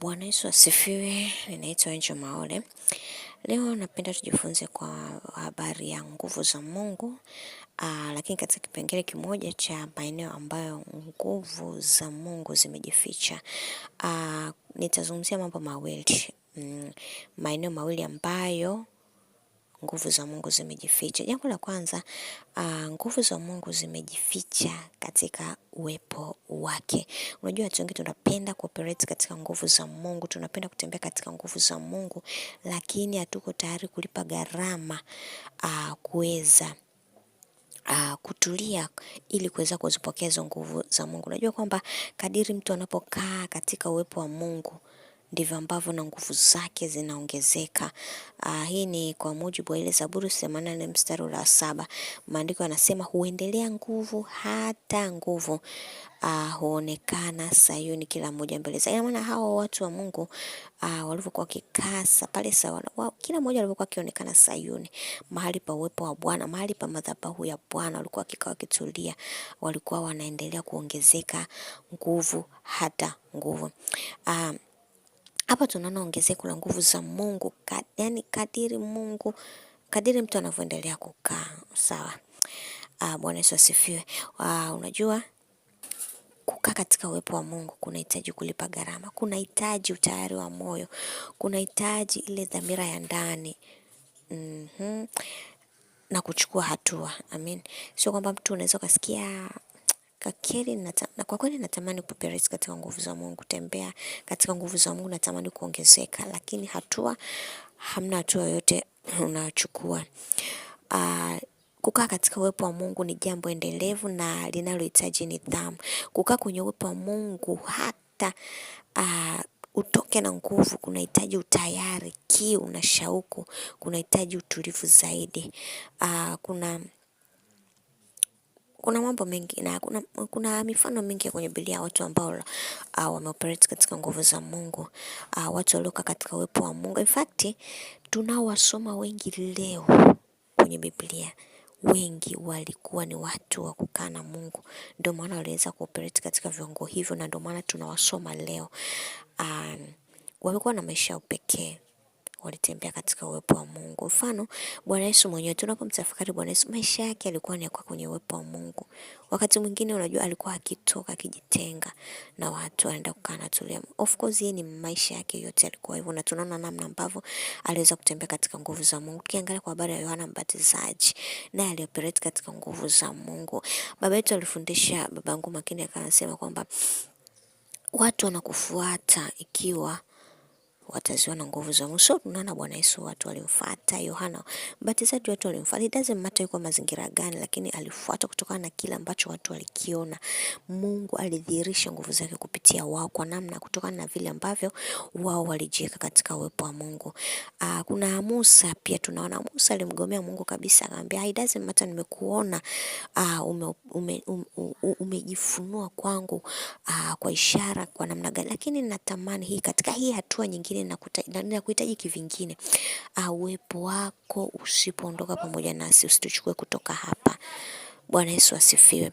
Bwana Yesu asifiwe. Ninaitwa Angel Maole. Leo napenda tujifunze kwa habari ya nguvu za Mungu. Aa, ah, lakini katika kipengele kimoja cha maeneo ambayo nguvu za Mungu zimejificha. Ah, nitazungumzia mambo mawili. Mm, maeneo mawili ambayo nguvu za Mungu zimejificha. Jambo la kwanza, uh, nguvu za Mungu zimejificha katika uwepo wake. Unajua watu wengi tunapenda kuoperate katika nguvu za Mungu, tunapenda kutembea katika nguvu za Mungu, lakini hatuko tayari kulipa gharama uh, kuweza Uh, kutulia ili kuweza kuzipokea hizo nguvu za Mungu. Unajua kwamba kadiri mtu anapokaa katika uwepo wa Mungu ndivyo ambavyo na nguvu zake zinaongezeka. Uh, hii ni kwa mujibu wa ile Zaburi themanini mstari wa saba. Maandiko yanasema huendelea nguvu hata nguvu uh, huonekana Sayuni kila mmoja mbele zake. maana hao watu wa Mungu uh, walivyokuwa kikasa pale sawa wa, kila mmoja alivyokuwa akionekana Sayuni, mahali pa uwepo wa Bwana, mahali pa madhabahu ya Bwana, walikuwa kikao kitulia, walikuwa wanaendelea kuongezeka nguvu hata nguvu. Um, hapa tunaona ongezeko la nguvu za Mungu, yani kadiri Mungu, kadiri mtu anavyoendelea kukaa sawa. Ah, Bwana Yesu asifiwe. Ah, unajua, kukaa katika uwepo wa Mungu kunahitaji kulipa gharama, kunahitaji utayari wa moyo, kunahitaji ile dhamira ya ndani mm -hmm. na kuchukua hatua. Amen. Sio kwamba mtu unaweza ukasikia Kakeri na kwa kweli natamani kupeperesi katika nguvu za Mungu, kutembea katika nguvu za Mungu, natamani kuongezeka, lakini hatua hamna hatua yoyote unachukua. Uh, ah, kukaa katika uwepo wa Mungu ni jambo endelevu na linalohitaji nidhamu. Kukaa kwenye uwepo wa Mungu hata uh, utoke na nguvu kunahitaji utayari, kiu na shauku, kunahitaji utulivu zaidi. Uh, kuna kuna mambo mengi na kuna, kuna mifano mingi ya kwenye Biblia watu ambao uh, wameoperate katika nguvu za Mungu uh, watu waliokaa katika uwepo wa Mungu. In fact tunaowasoma wengi leo kwenye Biblia wengi walikuwa ni watu wa kukaa na Mungu, ndio maana waliweza kuoperate katika viongo hivyo, na ndio maana tunawasoma leo. Um, wamekuwa na maisha ya upekee walitembea katika uwepo wa Mungu. Mfano, Bwana Yesu mwenyewe tunapomtafakari Bwana Yesu, maisha yake alikuwa ni kwa kwenye uwepo wa Mungu. Wakati mwingine, unajua, alikuwa akitoka akijitenga na watu, anaenda kukaa na tulia. Of course yeye ni maisha yake yote alikuwa hivyo, na tunaona namna ambavyo aliweza kutembea katika nguvu za Mungu. Kiangalia kwa habari ya Yohana Mbatizaji, naye alioperate katika nguvu za Mungu. Baba yetu alifundisha, babangu makini akasema kwamba watu wanakufuata ikiwa wataziona nguvu za Mungu. Tunaona Bwana Yesu watu walimfuata Yohana Mbatizaji, watu walimfuata. It doesn't matter yuko mazingira gani, lakini alifuata kutokana na kile ambacho watu walikiona. Mungu alidhihirisha nguvu zake kupitia wao kwa namna, kutokana na vile ambavyo wao walijiweka katika uwepo wa Mungu. Uh, kuna Musa pia tunaona Musa alimgomea Mungu kabisa, akamwambia it doesn't matter, nimekuona uh, ume, ume, ume umejifunua kwangu uh, kwa ishara kwa namna gani, lakini natamani hii katika hii hatua nyingine vingine na kuta, kuhitaji kivingine. awepo ah, wako usipoondoka pamoja nasi usituchukue kutoka hapa. Bwana Yesu asifiwe.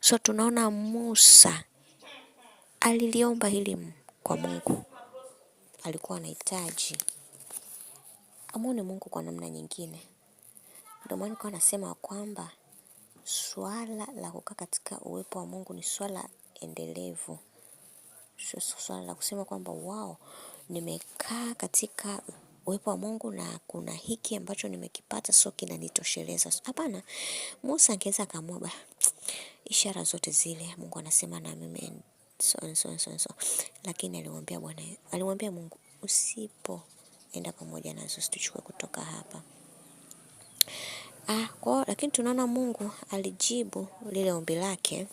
So tunaona Musa aliliomba hili kwa Mungu, alikuwa anahitaji amwone Mungu kwa namna nyingine. Ndio maana nikawa nasema kwamba swala la kukaa katika uwepo wa Mungu ni swala endelevu, sio swala la kusema kwamba wao nimekaa katika uwepo wa Mungu na kuna hiki ambacho nimekipata so kinanitosheleza. Hapana, Musa angeweza akaamua ba ishara zote zile Mungu anasema na mimi so, so, so, so. Lakini alimwambia Bwana, alimwambia Mungu usipoenda pamoja nazo situchukue kutoka hapa. Ah, kwa lakini tunaona Mungu alijibu lile ombi lake.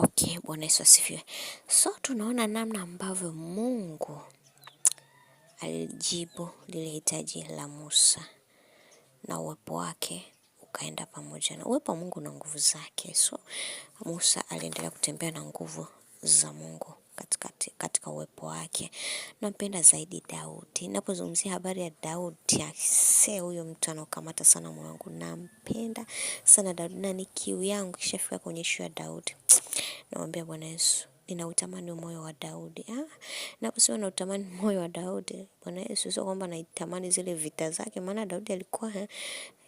Okay, Bwana Yesu asifiwe. So tunaona namna ambavyo Mungu alijibu lile hitaji la Musa na uwepo wake ukaenda pamoja na uwepo wa Mungu na nguvu zake. So Musa aliendelea kutembea na nguvu za Mungu katika, katika uwepo wake. Nampenda zaidi Daudi. Napozungumzia habari ya Daudi, ase huyo mtu anaokamata sana moyo wangu. Nampenda sana Daudi na ni kiu yangu kishafika kwenye ishu ya Daudi. Namwambia Bwana Yesu, utamani moyo wa Daudi. Ah, naposema utamani moyo wa Daudi, Bwana Yesu, sio kwamba naitamani zile vita zake, maana Daudi alikuwa eh,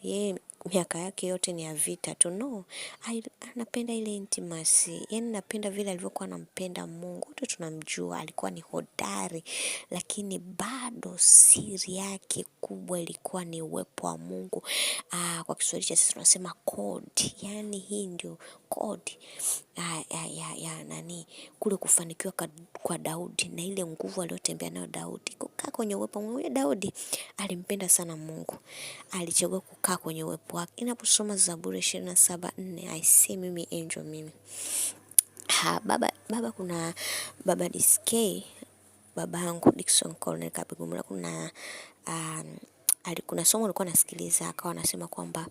yeye miaka yake yote ni ya vita tu no, anapenda ile intimacy. Yani napenda vile alivyokuwa anampenda Mungu, tu tunamjua alikuwa ni hodari, lakini bado siri yake kubwa ilikuwa ni uwepo wa Mungu. Aa, ah, kwa Kiswahili cha sisi tunasema code, yani hii ndio code ah, ya, ya, ya nani kule kufanikiwa kwa, Daudi na ile nguvu aliyotembea nayo Daudi kukaa kwenye uwepo wa Daudi alimpenda sana Mungu, alichagua kukaa kwenye uwepo wake Inaposoma Zaburi ishirini na saba nne aisee, mimi angel mimi ha, baba, baba kuna baba DSK baba yangu Dickson Colonel Kabigumula kuna um, kuna somo alikuwa anasikiliza akawa anasema kwamba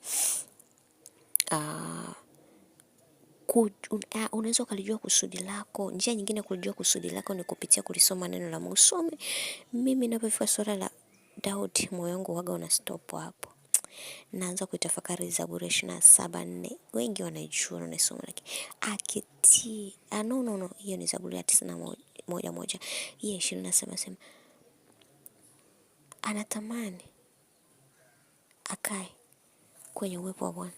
uh, uh, unaweza ukalijua kusudi lako. Njia nyingine kulijua kusudi lako ni kupitia kulisoma neno la Mungu. Some mimi ninapofika swala la Daudi, moyo wangu waga una stop hapo naanza kuitafakari Zaburi ya ishirini na saba nne wengi wanaijua wanaisoma, lakini akitii ah, no, no, no, hiyo ni Zaburi ya tisini na moja moja hiyo ishirini na saba sema anatamani akae kwenye uwepo wa Bwana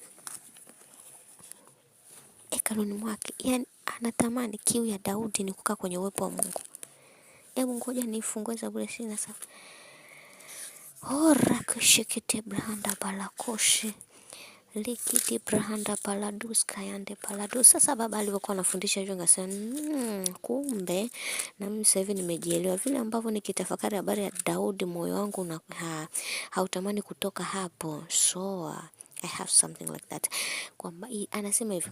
hekaluni mwake, yani anatamani kiu ya Daudi ni kukaa kwenye uwepo wa Mungu. Hebu ngoja nifungue Zaburi ya ishirini na saba horakishikiti brahanda balakoshi likiti brahanda paladus kayande paladus. Sasa baba alivyokuwa anafundisha hivyo, ngasema mmm, kumbe na mimi sasa hivi nimejielewa. Vile ambavyo nikitafakari habari ya Daudi, moyo wangu na ha, hautamani kutoka hapo. So uh, I have something like that, kwamba anasema hivyo,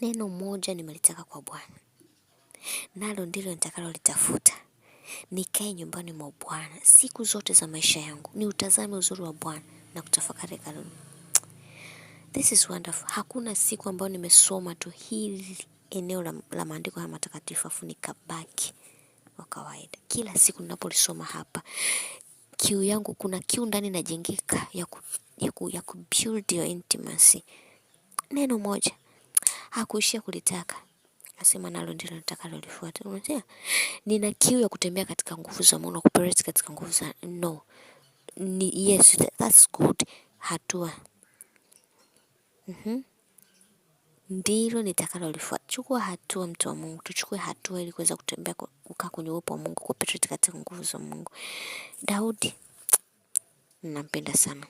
neno moja nimelitaka kwa Bwana, nalo ndilo litafuta Nikae nyumbani mwa Bwana siku zote za maisha yangu, ni utazame uzuri wa Bwana na kutafakari kanuni. This is wonderful. Hakuna siku ambayo nimesoma tu hili eneo la, la maandiko haya matakatifu afu nikabaki wa kawaida. Kila siku ninapolisoma hapa kiu yangu, kuna kiu ndani najengeka ya ku, ya ku, ya ku build your intimacy. Neno moja hakuishia kulitaka akasema nalo ndilo nitakalo lifuata. Unajua, nina kiu ya kutembea katika nguvu za Mungu na kuoperate katika nguvu za no. Ni, yes that's good. Hatua mm -hmm. Ndilo lifuata. Chukua hatua, mtu wa Mungu, tuchukue hatua ili kuweza kutembea kukaa kwenye uwepo wa Mungu, kuoperate katika nguvu za Mungu. Daudi nampenda sana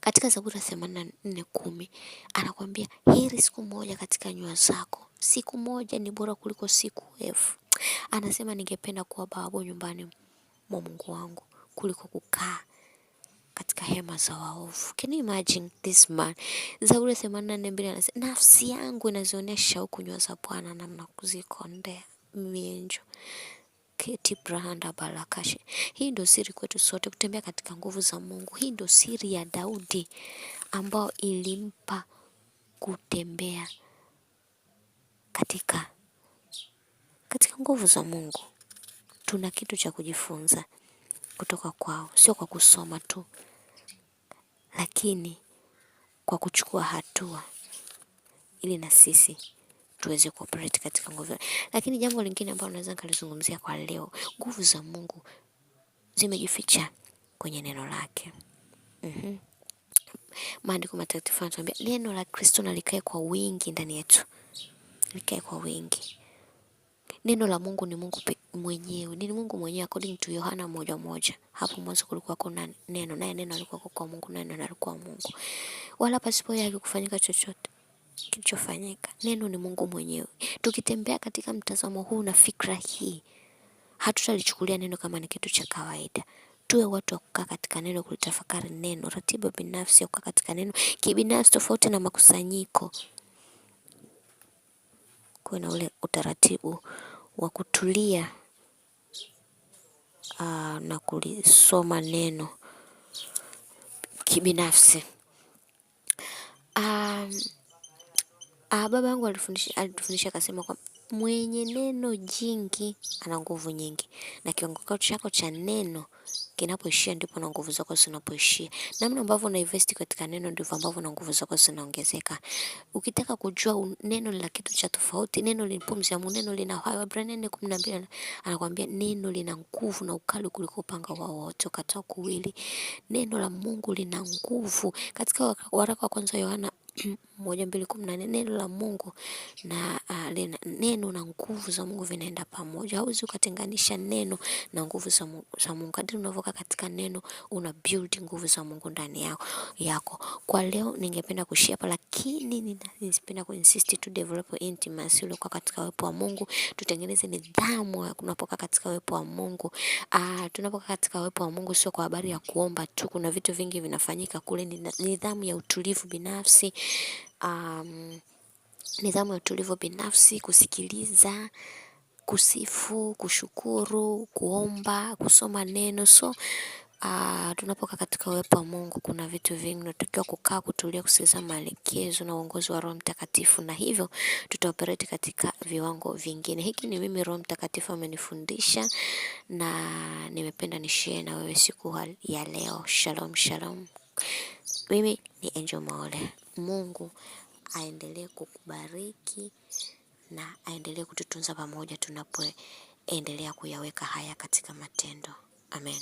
katika Zaburi ya themanini na nne kumi anakuambia heri siku moja katika nyua zako siku moja ni bora kuliko siku elfu. Anasema ningependa kuwa bawabu nyumbani mwa Mungu wangu kuliko kukaa katika hema za waovu. Can you imagine this man? Zaburi themanini na nne mbili anasema nafsi yangu inazionea huku nywa za Bwana, namna kuzikondea mienjo keti branda balakashi. Hii ndio siri kwetu sote kutembea katika nguvu za Mungu. Hii ndio siri ya Daudi ambao ilimpa kutembea katika katika nguvu za Mungu. Tuna kitu cha kujifunza kutoka kwao, sio kwa kusoma tu, lakini kwa kuchukua hatua ili na sisi tuweze kuoperate katika nguvu. Lakini jambo lingine ambalo naweza nikalizungumzia kwa leo, nguvu za Mungu zimejificha kwenye neno lake. mm-hmm. Maandiko matakatifu yanatuambia neno la Kristo nalikae likae kwa wingi ndani yetu, likae kwa wingi. Neno la Mungu ni Mungu mwenyewe, ni Mungu mwenyewe according to Yohana moja moja. Hapo mwanzo kulikuwa kuna neno, naye neno alikuwa kwa Mungu, naye neno alikuwa Mungu, wala pasipo yake kufanyika chochote kilichofanyika. Neno ni Mungu mwenyewe. Tukitembea katika mtazamo huu na fikra hii, hatutalichukulia neno kama ni kitu cha kawaida. Tuwe watu wa kukaa katika neno, kulitafakari neno, ratiba binafsi ya kukaa katika neno kibinafsi, tofauti na makusanyiko kuwe na ule utaratibu wa kutulia aa, ah, na kulisoma neno kibinafsi. Um, baba yangu alitufundisha akasema kwa mwenye neno jingi ana nguvu nyingi, na kiwango chako cha neno kinapoishia ndipo na nguvu zako zinapoishia. Namna ambavyo invest katika neno ndivyo ambavyo na nguvu zako zinaongezeka. Ukitaka kujua neno la kitu cha tofauti, neno lina pumzi ya Mungu, neno lina uhai. Waebrania nne anakuambia neno lina nguvu na ukali kuliko upanga wowote ukatao kuwili. Neno la Mungu lina nguvu. Katika waraka wa kwanza Yohana moja mbili kumi na nne. Neno la Mungu na uh, neno na nguvu za Mungu vinaenda pamoja. Hauwezi ukatenganisha neno na nguvu za Mungu, za Mungu. Kadri unavoka katika neno una build nguvu za Mungu ndani yako, yako. Kwa leo ningependa kushia hapa, lakini ninapenda kuinsist to develop intimacy uliokuwa katika uwepo wa Mungu, tutengeneze nidhamu tunapokaa katika uwepo wa Mungu. Uh, tunapokaa katika uwepo wa Mungu sio kwa habari ya kuomba tu, kuna vitu vingi vinafanyika kule, nidhamu ya utulivu binafsi um, nidhamu ya utulivu binafsi, kusikiliza, kusifu, kushukuru, kuomba, kusoma neno. So uh, tunapokaa katika uwepo wa Mungu kuna vitu vingi tunatakiwa kukaa, kutulia, kusikiliza maelekezo na uongozi wa Roho Mtakatifu, na hivyo tutaoperate katika viwango vingine. Hiki ni mimi Roho Mtakatifu amenifundisha na nimependa nishare na wewe siku ya leo. Shalom, shalom. Mimi ni Angel Mole. Mungu aendelee kukubariki na aendelee kututunza pamoja tunapoendelea kuyaweka haya katika matendo. Amen.